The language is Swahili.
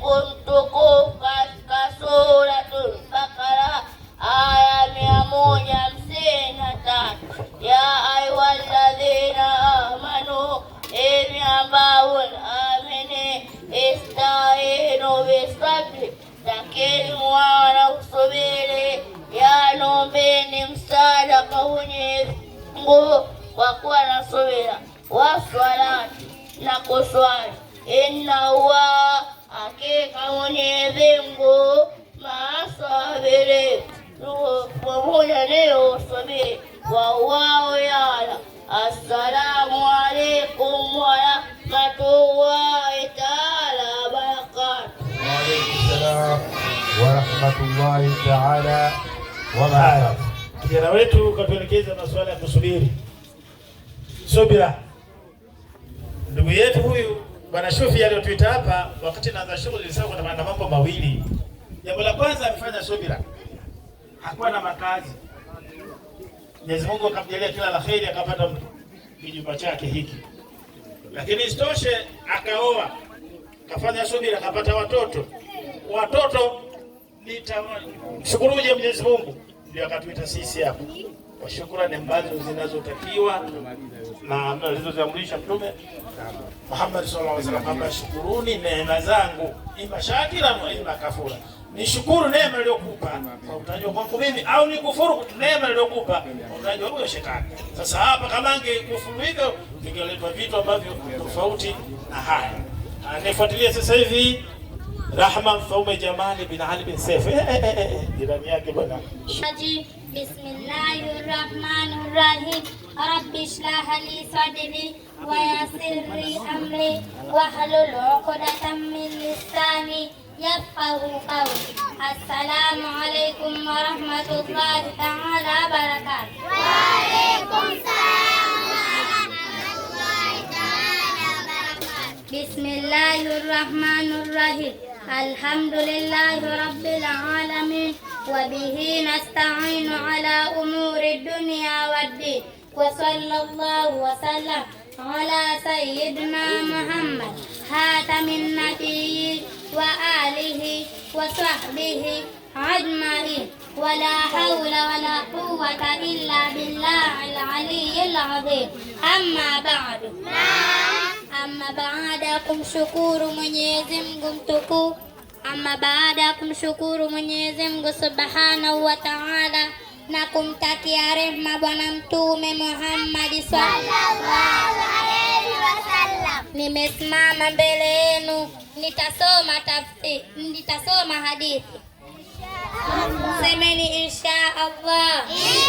mlango mtukufu katika Suratul Bakara aya mia moja hamsini na tatu ya ayyuhalladhina amanu, enyi ambao mnaamini, istainu bisabri, kusubiri, yanombeni msaada kwa Mwenyezi Mungu kwa kuwa na subira, waswalati na kuswali inna Somo la leo samehe wauao yala. Assalamu alaikum rahmatullahi taala wa barakatuh. wabarakatu. Waalaikum salaam rahmatullahi taala wa barakatuh. Kijana wetu katuelekeza masuala ya kusubiri subira. Ndugu yetu huyu Bwana Shofi aliyotuita hapa, wakati naanza shughuli nilisema kuna mambo mawili. Jambo la kwanza amefanya subira hakuwa na makazi. Mwenyezi Mungu akamjalia kila la kheri, akapata kijumba chake hiki, lakini isitoshe akaoa, kafanya subira, akapata watoto. Watoto nitamshukuruje Mwenyezi Mungu? Ndio akatuita sisi hapa kwa shukrani ambazo zinazotakiwa na alizoziamrisha Mtume Muhammad sallallahu alaihi wasallam, shukuruni neema zangu, ima shakira ima kafura nishukuru neema niliyokupa kwa utajwa kwangu mimi, au nikufuru neema niliyokupa kwa utajwa huyo shetani. Sasa hapa kama angekufuru hivyo, vingeletwa vitu ambavyo tofauti na haya. Anifuatilie sasa hivi Rahma Mfaume Jamali bin Ali bin Saif, eh eh, eh, eh, eh, jirani yake bwana. Bismillahir Bismillahirrahmanirrahim. Rabbi shrah li sadri wa yassir li amri wa wahlul uqdatan min lisani يفقهوا قولي السلام عليكم ورحمة الله تعالى وبركاته وعليكم السلام ورحمة الله تعالى وبركاته بسم الله الرحمن الرحيم الحمد لله رب العالمين وبه نستعين على أمور الدنيا والدين وصلى الله وسلم على سيدنا محمد هات من النبيين وآله وصحبه أجمعين ولا حول ولا قوة إلا بالله العلي العظيم أما بعد أما بعد أقوم شكور من يزمكم تكو أما بعد أقوم شكور من يزمكم سبحانه وتعالى نقوم تكيا رحمة ونمتوم محمد صلى الله عليه وسلم nimesimama mbele yenu, nitasoma tafsiri, nitasoma hadithi. Semeni insha Allah.